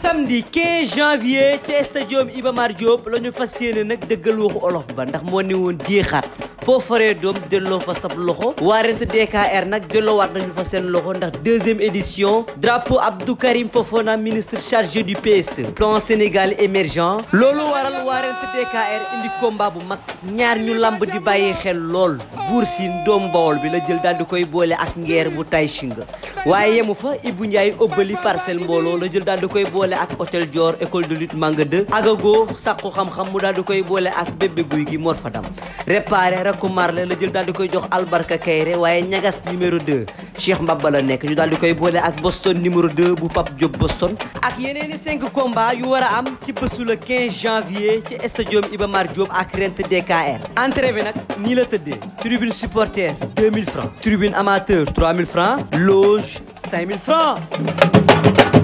samedi 15 janvier ca stadium Iba Mar Diop la ñu fas yéene nag dëggal waxu olof ba ndax moo ni woon jéexaat foo faree doom delloo fa sab loxo waa rent DKR nag delloowaat nañu fa seen loxo ndax deuxième édition drapeau Abdou Karim Fofana ministre chargé du PSE plan Sénégal émergent loolu waral waa rent DKR indi combat bu mag ñaar ñu lamb di bàyyi xel lool buur siin doomu bawol bi la jël daal di koy boole ak ngeer bu tay shinga waaye yemu fa Ibou Ndiaye ëbbali parcelle la jël daal di koy boole boole ak hôtel Dior école de lutte Manga 2 Agago sàkku xam-xam mu daal di koy boole ak bébé guy gi Mor Fadam réparé rakku marle la jël daal di koy jox Albarka Kayre waaye ñagas numéro 2 Cheikh Mbaba la nekk ñu daal di koy boole ak Boston numéro 2 bu Pape job Boston. ak yeneen i cinq combats yu war a am ci bésu le 15 janvier ci stadium Iba Mar Diop ak Rent DKR entrée bi nag nii la tëddee tribune supporter 2000 francs tribune amateur 3000 francs loge 5000 francs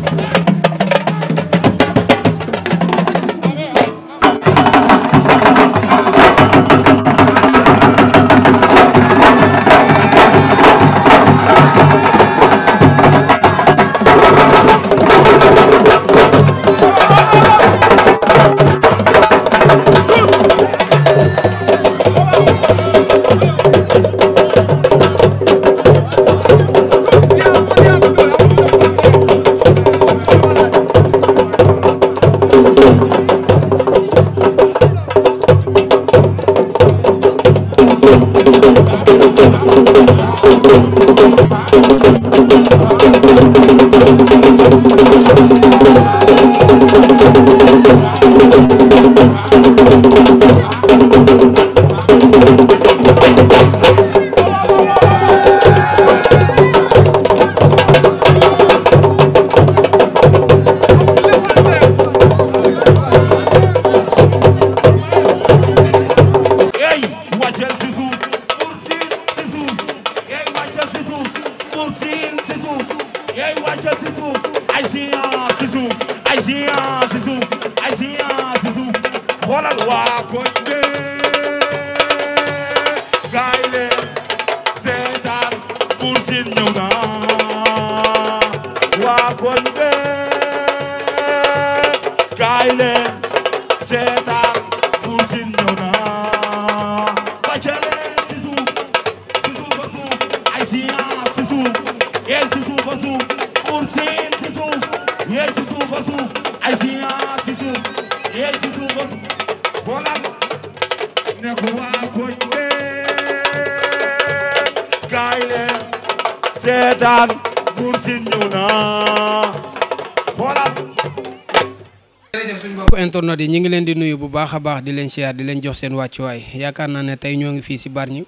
mbokk internet yi ñu ngi leen di nuyu bu baax a baax di leen siyaar di leen jox seen wàccuwaay yaakaar naa ne tey ñoo ngi fii si Bargny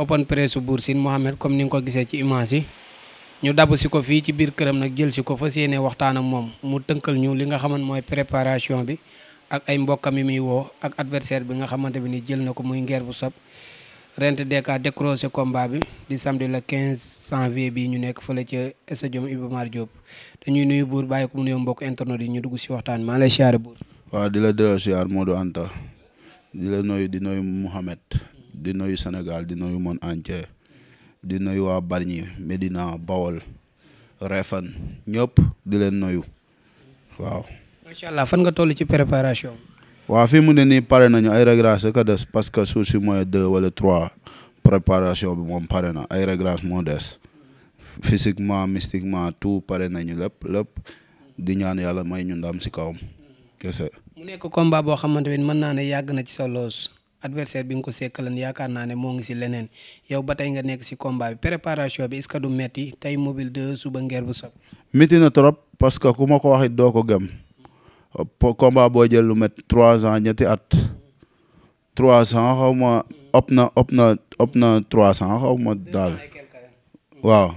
open press Bour Sine Mohamed comme ni nga ko gisee ci image yi ñu dabu si ko fii ci biir këram nag jël si ko fa yéene waxtaan ak moom mu tënkal ñu li nga xamante mooy préparation bi ak ay mbokkam yi muy woo ak adversaire bi nga xamante bi ni jël na ko muy ngeer bu sab rent deka décroché combat bi di samedi le bi ñu nekk fële ca stadium Iba Mar dañuy nuyu buur bàyyi ko mu nuyoo mbokk internet yi ñu dugg si waxtaan maa lay siyaare buur waaw di la delloo siyaar Modou Anta di la noyu di noyu Mouhamed di noyu senegal di nuyu monde entier di noyu waa Bargny Médina Bawol Réfane ñëpp di leen noyu waaw waaw fii mu ne nii pare nañu ay réglage ka des parce que suuf si mooy deux wala trois préparation bi moom pare na ay réglage moo des physiquement mystiquement tout pare nañu lépp lépp di ñaan yàlla mooy ñu ndam si kawam kese. mu nekk combat boo xamante ne mën naa ne yàgg na ci sa loos adversaire bi nga ko sekkalan yaakaar naa ne moo ngi si leneen yow ba tey nga nekk si combat bi préparation bi est du metti tey mobile de suba ngeer bu sax. métti na trop parce que ku ma ko waxit doo ko gëm. po combat boo jël lu met trois ans ñetti at trois cent xaw ma ëpp na op na ëpp na trois cent xaw ma daal waaw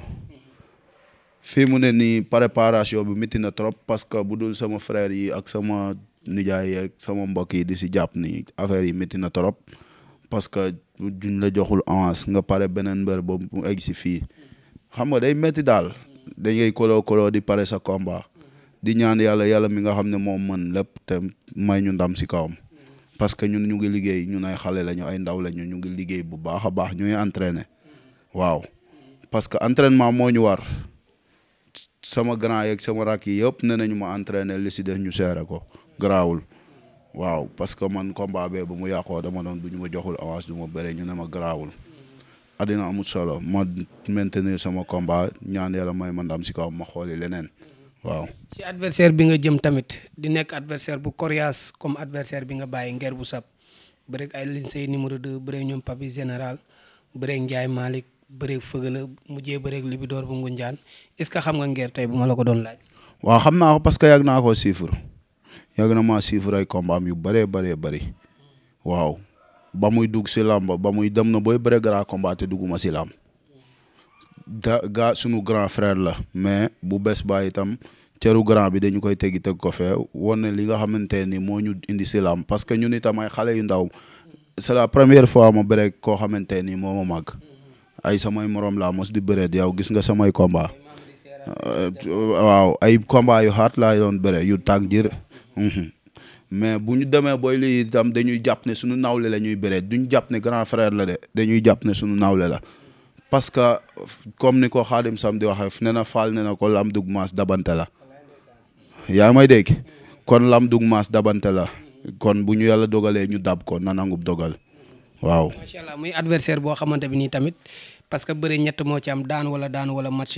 fii mu ne nii préparation bi métti na trop parce que bu dul sama frère yi ak sama nijaay yi ak sama mbokk yi di si jàpp ni affaire yi métti na trop parce que la joxul avance nga pare beneen mbër boobu egg si fii xam nga day métti daal dañ ngay koloo di pare sa combat di ñaan yàlla yàlla mi nga xam ne moom man lépp te may ñu ndam si kawam parce que ñun ñu ngi liggéey ñun ay xale lañu ay ndaw lañu ñu ngi liggéey bu baax a baax ñuy entraîner waaw parce que entraînement moo ñu war sama grand yeeg sama rak yi yëpp ñu ma entraîner li si de ñu seere ko garaawul waaw parce que man combat bee ba mu yàqoo dama doon bu ñu ma joxul avance du ma bëre ñu ne ma garaawul addina amul solo ma maintenir sama combat ñaan yàlla may ma ndam si kaw ma xooli leneen waaw. ci adversaire bi nga jëm tamit di nekk adversaire bu coriace comme adversaire bi nga bàyyi ngeer bu sab bëreeg ay linsey numéro 2 bëreeg ñoom papi général bëreeg Ndiaye Malick bëreeg Fëgala mujjee bëreeg Libidoor bu Ngunjaan est ce que xam nga ngeer tey bu ma la ko doon laaj. waaw xam naa ko parce que yàgg naa ko siifur yàgg na maa siifur ay yu bëree bëree bëri waaw ba muy dugg si làmb ba muy dem na booy bëre grand combat te dugguma si ga gaa sunu grand frère la mais bu bés ba itam ceru grand bi dañu koy tegi teg ko fee wane li nga xamante ni moo ñu indi si lam parce que ñun xale yu ndaw c'est première fois ma bëre koo xamante ni moo màgg ay samay morom laa mos di bëre yow gis nga samay combat euh, combat yu xaat laa doon yu tàng jër mhm. mais bu ñu demee booy lii itam dañuy jàpp ne suñu nawle la ñuy bëre duñ jàpp ne grand frère la de dañuy jàpp ne suñu nawle la parce que comme ni ko Xaadim Sam di waxee nee na faal ne ko lam dug maas dabante la yaa may dégg kon lam dug maas dabante la kon bu ñu yàlla dogalee ñu dab ko na nangub dogal waaw. macha allah muy adversaire boo xamante bi nii tamit parce que bëre ñett moo ci am daan wala daan wala match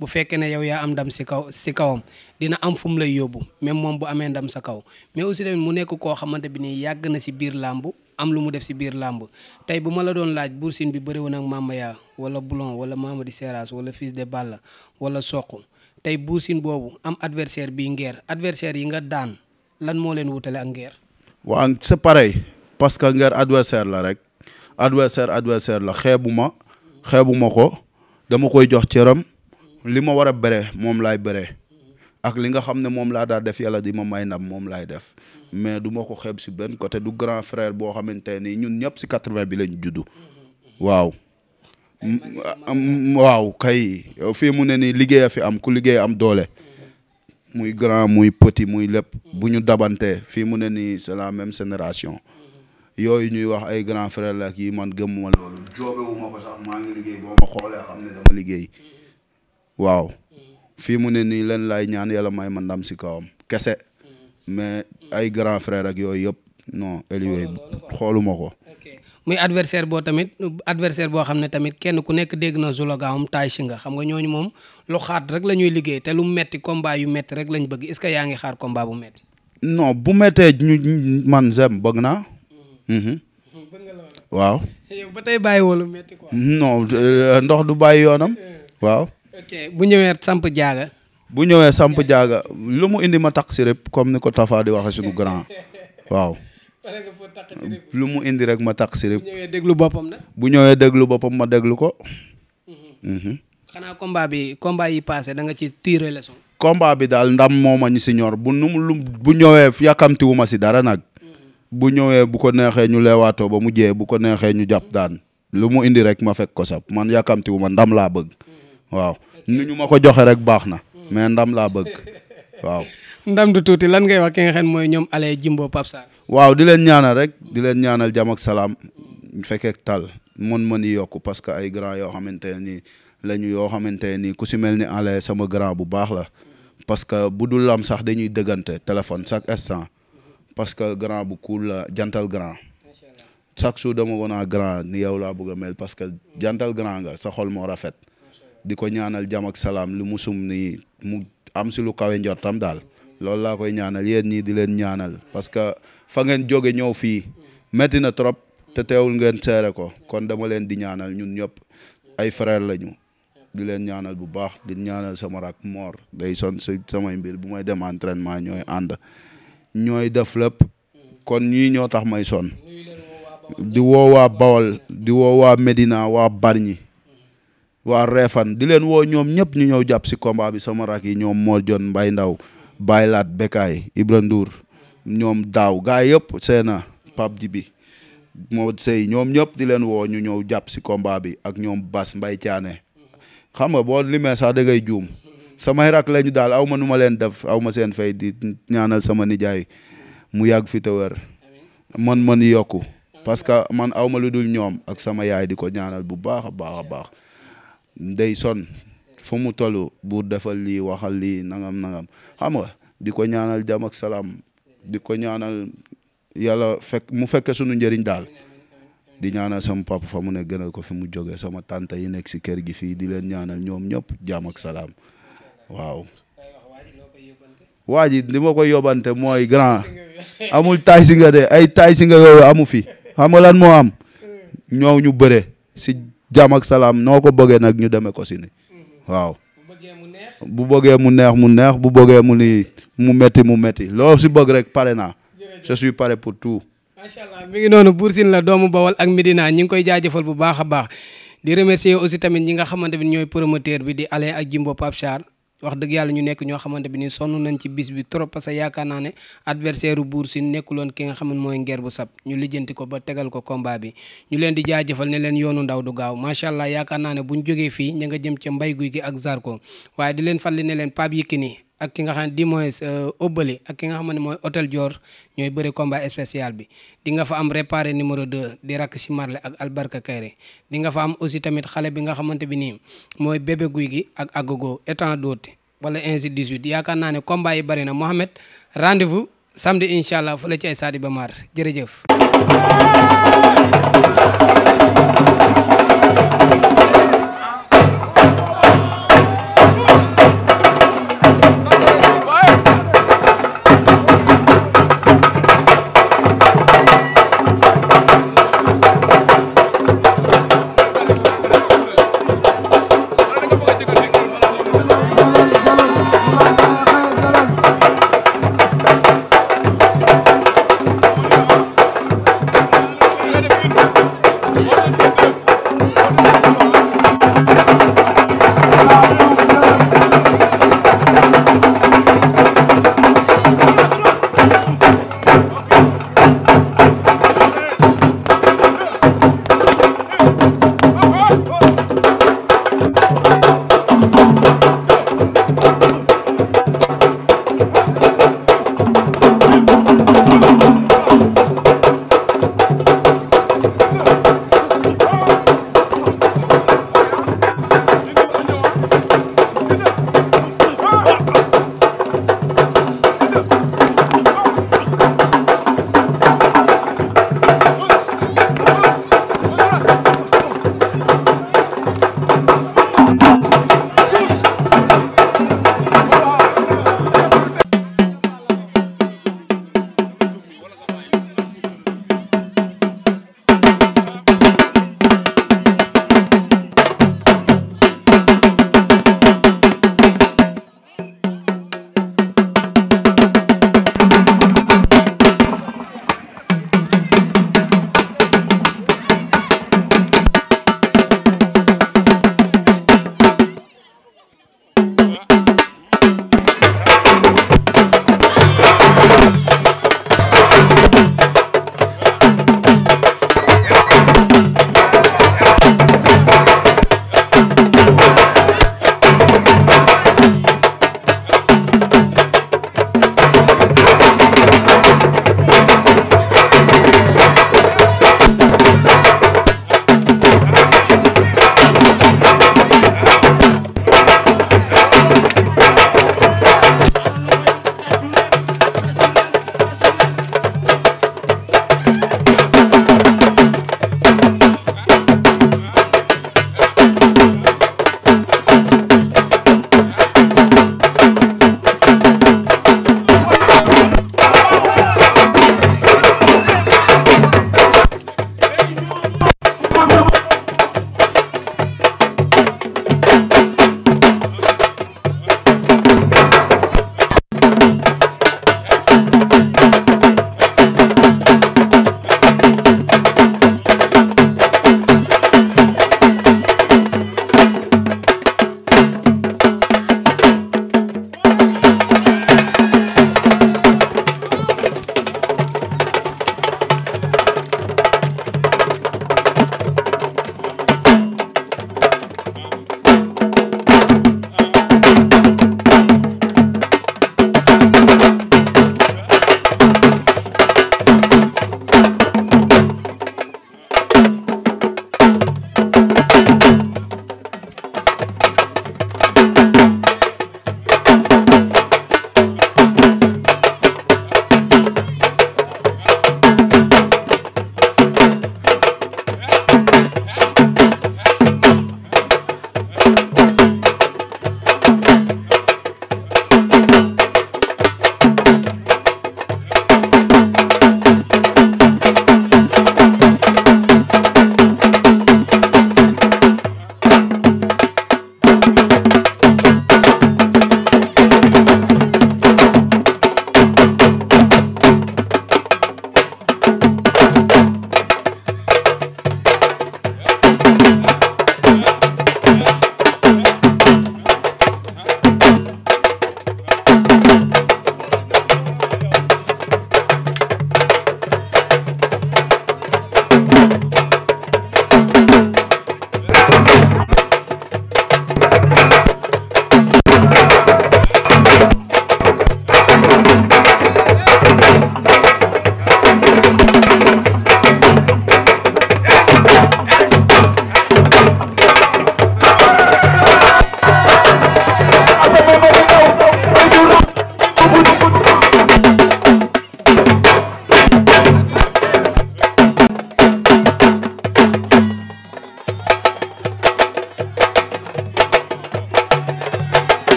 bu fekkee ne yow yaa am ndam si kaw si kawam dina am fu mu lay yóbbu même moom bu amee ndam sa kaw mais aussi tamit mu nekk koo xamante bi nii yàgg na si biir làmbu am lu mu def si biir làmb tey bu ma la doon laaj Bour bi bëri woon ak Mamaya bulon Boulon wala Mamadi Seras wala Fils de la wala Sokh tey Bour boobu am adversaire bii Nguer adversaire yi nga daan lan moo leen wutale ak Nguer waa sa pareil parce que Nguer adversaire la rek adversaire adversaire la xeebu xeebuma xeebuma ko dama koy jox cëram li ma war a bëre moom lay bëre ak li nga xam ne moom laa daa def yàlla di ma may ndam moom laay def mais du ma ko xeeb si benn côté du grand frère boo xamante ni ñun ñëpp si 80 bi lañ juddu waaw. Mm, waaw kay fii mu ne nii liggéey a fi am ku liggéey am doole muy grand muy petit muy lépp bu ñu dabantee fii mu ne nii c'est la même génération yooyu ñuy wax ay grand frère la yi man gëmuma loolu xoolee xam liggéey waaw fii mu ne nii leen laay ñaan yàlla may ma ndam si kawam kese mais ay grand frère ak yooyu yëpp no éliwéy xooluma ko muy adversaire boo tamit adversaire boo xam ne tamit kenn ku nekk dégg na zologaawam taay si nga xam nga ñooñu moom lu xaat rek la ñuy liggéey te lu metti combat yu metti rek lañ bëgg est-ce que yaa ngi xaar combat bu metti non bu méttee ñu man zem bëgg naa mm-hmm. Mhm. Mm-hmm. waaw yow ba tey bàyyi wala metti quoi non euh, ndox du bàyyi yoonam eh. waaw bu ñëwee samp jaaga. bu ñëwee samp jaaga lu mu indi ma takk si rek comme ni ko Tafa di waxee sunu grand waaw. lu mu indi rek ma takk si rek. bu ñëwee déglu boppam nag. bu ñëwee déglu boppam ma déglu ko. Mhm. Mhm. xanaa combat bi combat yi passé da nga ci tiré leçon. combat bi daal ndam moo ma ñu si ñor bu nu mu lu bu ñëwee yàkkamtiwu ma si dara nag. Mhm. bu ñëwee bu ko neexee ñu leewaatoo ba mu jee bu ko neexee ñu jàpp daan lu mu indi rek ma fekk ko sab man yàkkamtiwu ma ndam laa bëgg. waaw ni ñu ma ko joxe rek baax na mais ndam laa bëgg waaw. ndam du tuuti lan ngay wax ki nga xam mooy ñoom Allé Jimbo Pape Sarr. waaw di leen ñaanal rek di leen ñaanal jàmm salaam bu fekkee tal mën mën yi yokku parce que ay grand yoo xamante ne nii la ñu yoo xamante ne nii ku si mel ni Allé sama grand bu baax la parce que bu dul am sax dañuy dëggante téléphone chaque instant parce que grand bu kuul la jantal grand. chaque jour dama woon grand ni yow laa bëgg mel parce que jantal grand nga sa xol moo rafet. di ko ñaanal jàmm ak salaam lu musum ni mu am si lu kawe njortam daal loolu laa koy ñaanal yéen ñii di leen ñaanal parce que fa ngeen jóge ñëw fii métti na trop te tewul ngeen seere ko kon dama leen di ñaanal ñun ñëpp ay frère lañu di leen ñaanal bu baax di ñaanal sama rak moor day son si samay mbir bu may dem entraînement ñooy ànd ñooy def lépp kon ñii ñoo tax may soon di woo waa Bawol di woo waa Medina waa Bargny waa reefan di leen woo ñoom ñëpp ñu ñëw jàpp si combat bi sama rak yi ñoom moo jon mbay ndaw baylaat bekaay ibra ndour ñoom daaw gaa yëpp seena pap ji bi moo sëy ñoom ñëpp di leen woo ñu ñëw jàpp si combat bi ak ñoom bas mbay caane xam nga boo limee sax da juum sama rak lañu daal aw ma nu ma leen def aw ma seen fay di ñaanal sama nijaay mu yàgg fi te man man yokku parce que man aw ma lu dul ñoom ak sama yaay di ko ñaanal bu baax a baax a baax day son fu mu toll buur defal lii waxal lii nangam nangam xam nga di ko ñaanal jamak salaam di ko ñaanal yàlla fekk mu fekke sunu njëriñ daal di ñaanal sama papa fa mu ne gënal ko fi mu jógee sama tante yi nekk si kër gi fii di leen ñaanal ñoom ñëpp jàmm salaam waaw. waa ji ma ko yóbbante mooy grand amul taay si nga de ay taay si nga yooyu amu fi xam nga lan am ñoow ñu bëre jàmm ak salaam noo ko bëggee nag ñu demee ko si ni waaw. bu bogee mu neex mu neex bu bëggee mu ni mu metti mu metti loo si bëgg rek pare naa je suis paré pour tout. macha allah mi ngi noonu Bour Sine la doomu Bawol ak Medina ñi ngi koy jaajëfal bu baax a baax di remercier aussi tamit ñi nga xamante ne ñooy promoteur bi di ale ak Jimbo Pape wax dëgg yàlla ñu nekk ñoo xamante bi ni sonn nañ ci bis bi trop parce que yaakaar naa ne adversaire u Bour nekkuloon ki nga xam mooy ngeer bu Sab ñu lijjanti ko ba tegal ko combat bi ñu leen di jaajëfal ne leen yoonu ndaw du gaaw macha allah yaakaar naa ne buñ jógee fii ña nga jëm ca mbay guy gi ak Zarko waaye di leen fàttali ne leen Pape Yékini ak ki nga xam ne di moins euh, Obale ak ki nga xam ne mooy hôtel joor ñooy bëri combat spécial bi dinga fa am réparé numéro 2 di rakk si Marle ak Albarka Kayre di nga fa am aussi tamit xale bi nga xamante bi nii mooy bébé guy gi ak agogo étant d'autres wala ainsi de suite yaakaar naa ne combat yi bëri na Mohamed rendez-vous samedi incha allah fu la ci ay saadi ba maar jërëjëf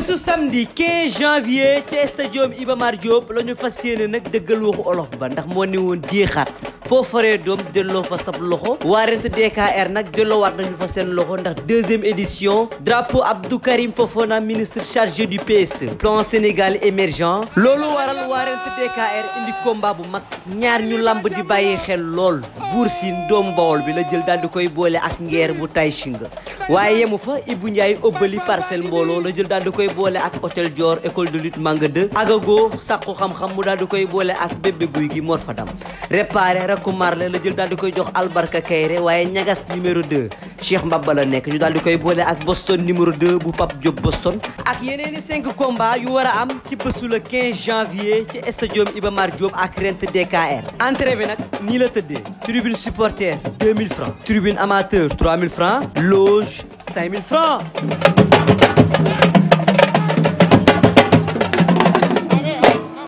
su samedi 15 janvier ci stadium Iba Mar Diop la ñu fas yéene nag dëggal waxu olof ba ndax moo ne woon jeexaat foo faree doom delloo fa sab loxo waa rent DKR nag delloo waat nañu fa seen loxo ndax deuxième édition drapeau Abdou Karim Fofana ministre chargé du PSE plan Sénégal émergent loolu waral waa DKR indi combat bu mag ñaar ñu lamb di bàyyi xel lool Buur Siin doom Bawol bi la jël daal di koy boole ak ngeer bu tay shinga waaye yemu fa Ibou Ndiaye ëbbali parcelle mbooloo la jël daal di koy boole ak hôtel Dior école de lutte Manga 2 agago sàkku xam-xam mu daal di koy boole ak bébé guy Gakou Marley la jël daal di koy jox Albarka Kayre waaye ñagas numéro 2 Cheikh Mbaba la nekk ñu daal di koy boole ak Boston numéro 2 bu Pape Diop Boston. ak yeneen i 5 combats yu war a am ci bésu le 15 janvier ci stadium Iba Mar Diop ak Rent DKR. entrée bi nag nii la tëddee. tribune supporter 2000 francs. tribune amateur 3000 francs. loge 5000 francs.